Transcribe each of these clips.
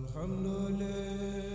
alhamdulillah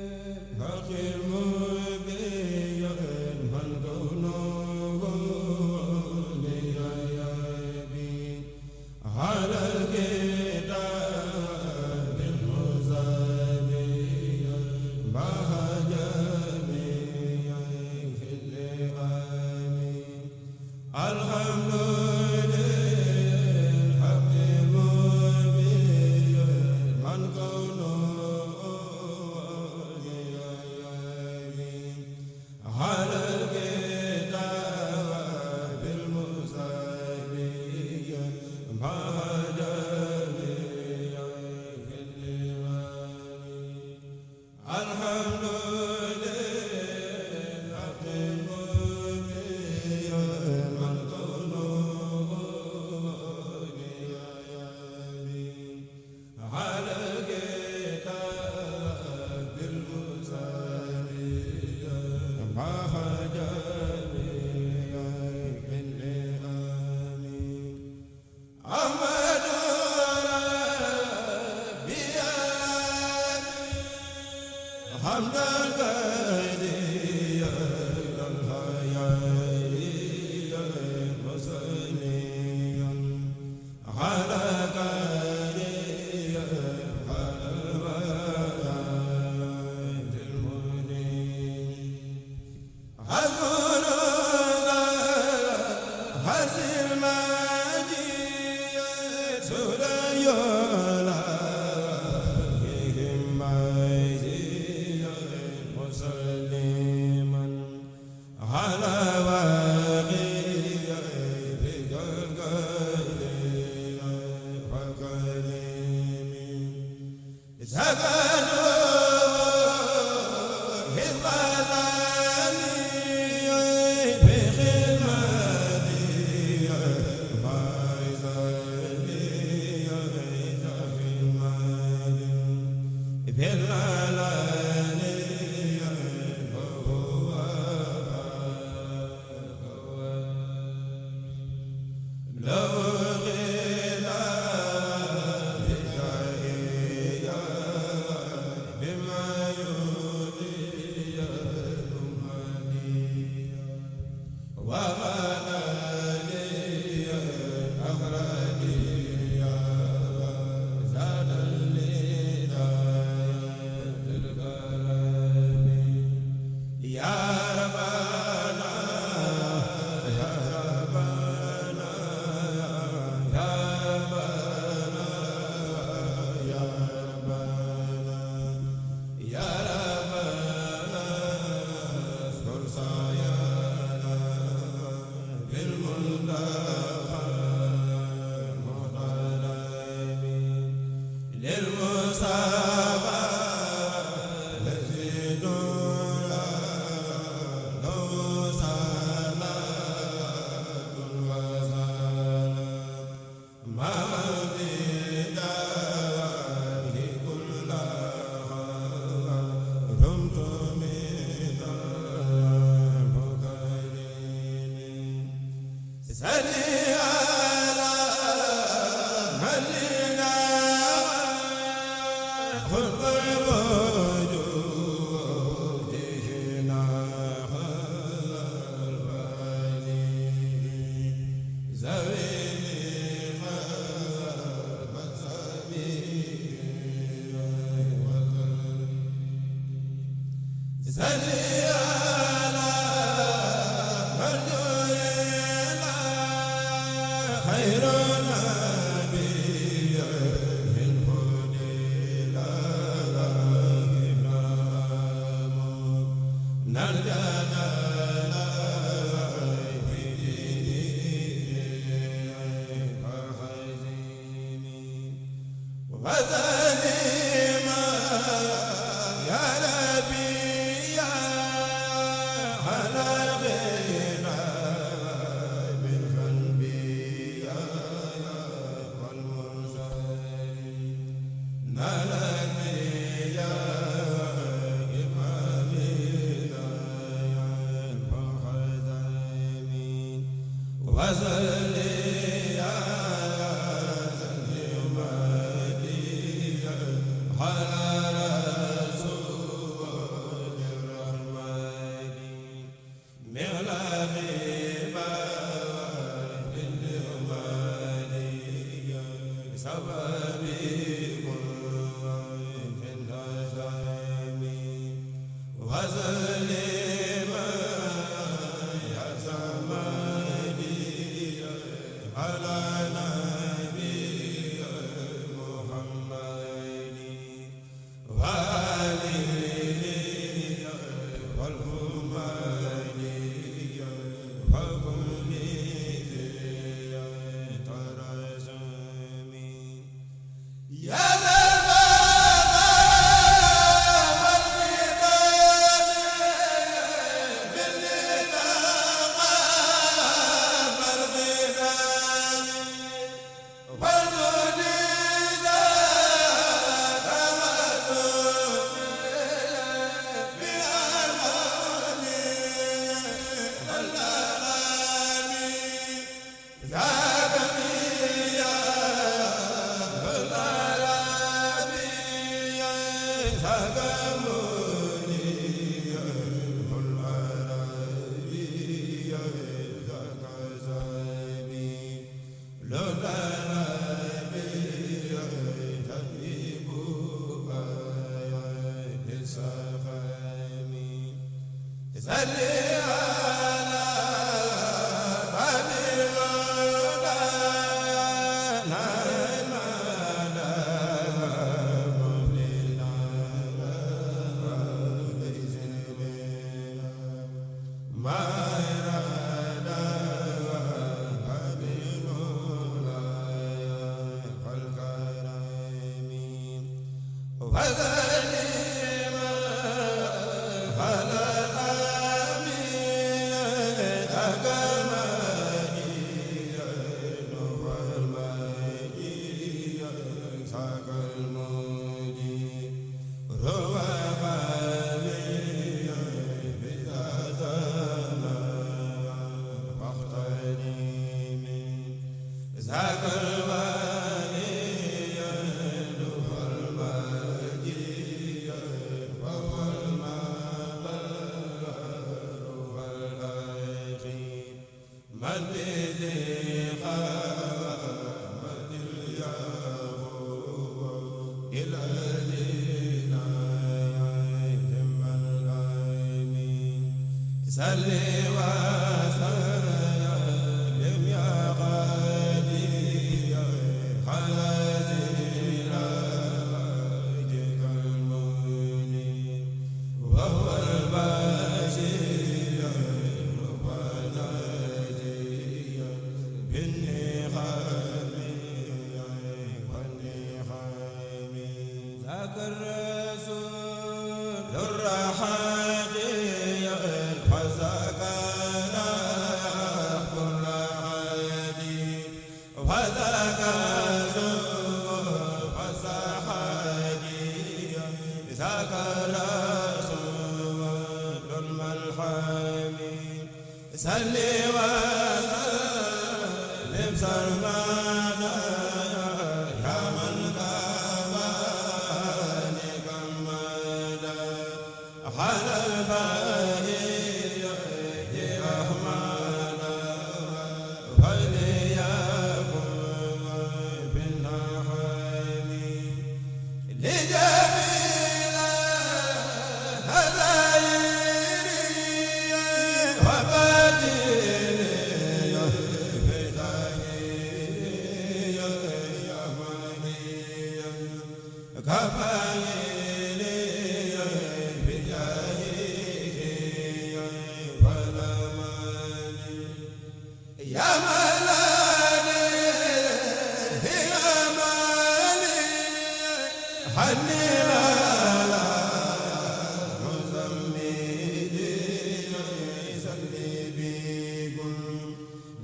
wa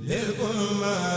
léegi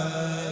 a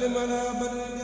لمن أبدا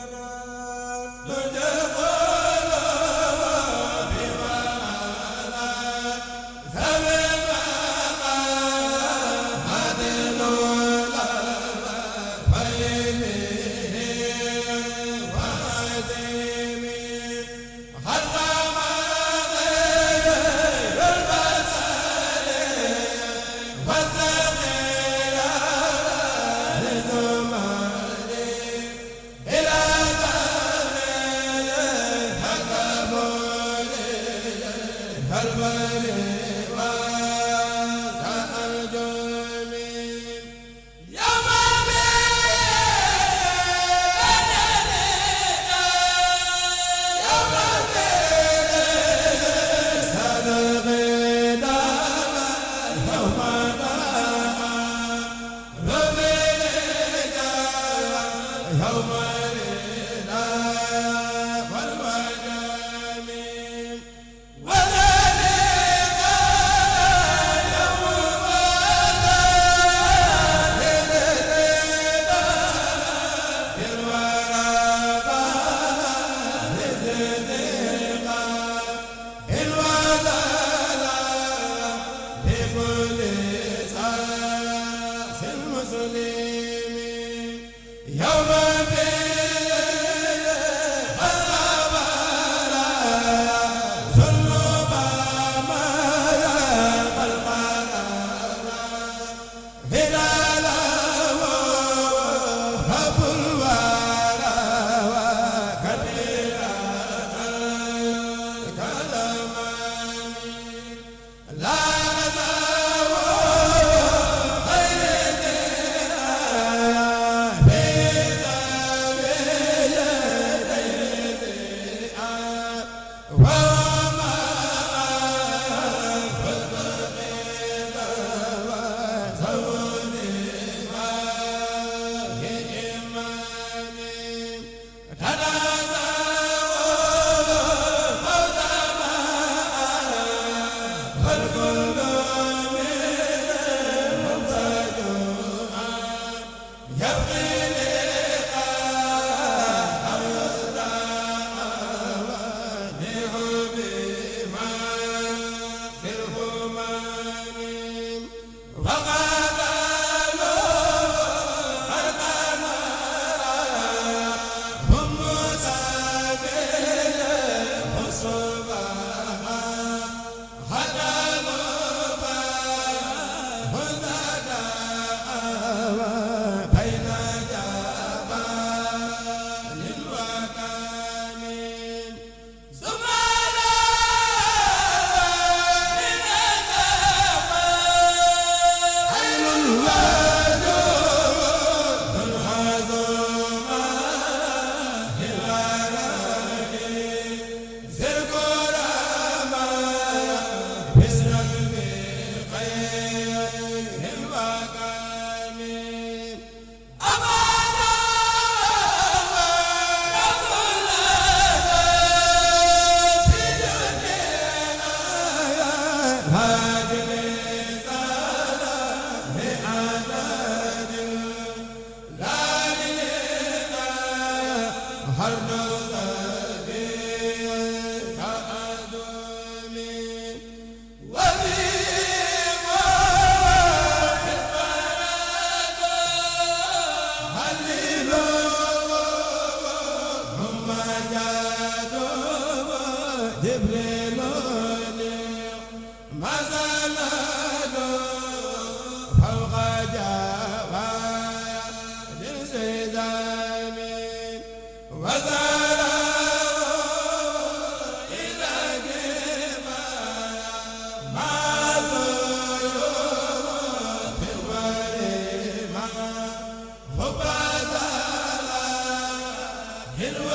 هلوا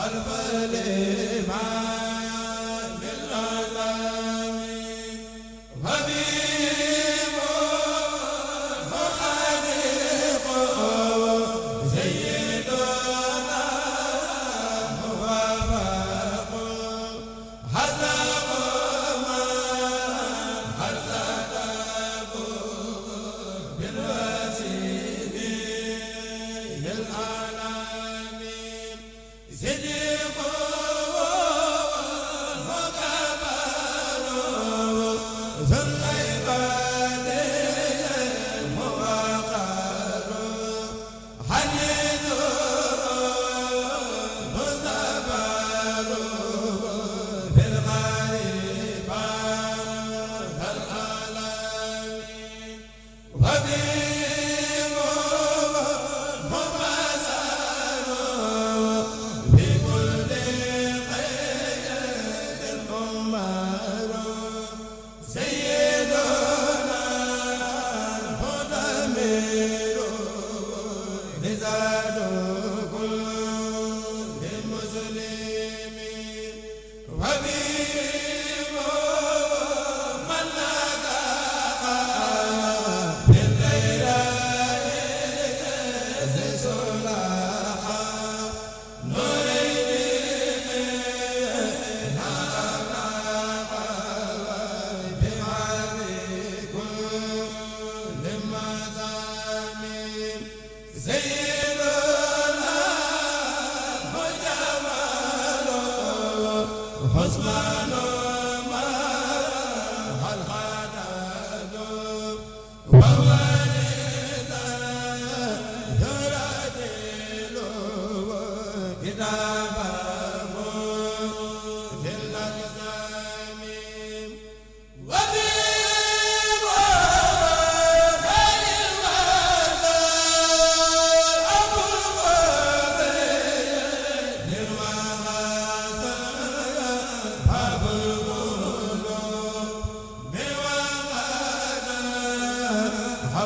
هلوا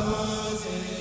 am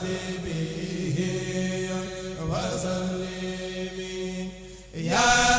وسلم يا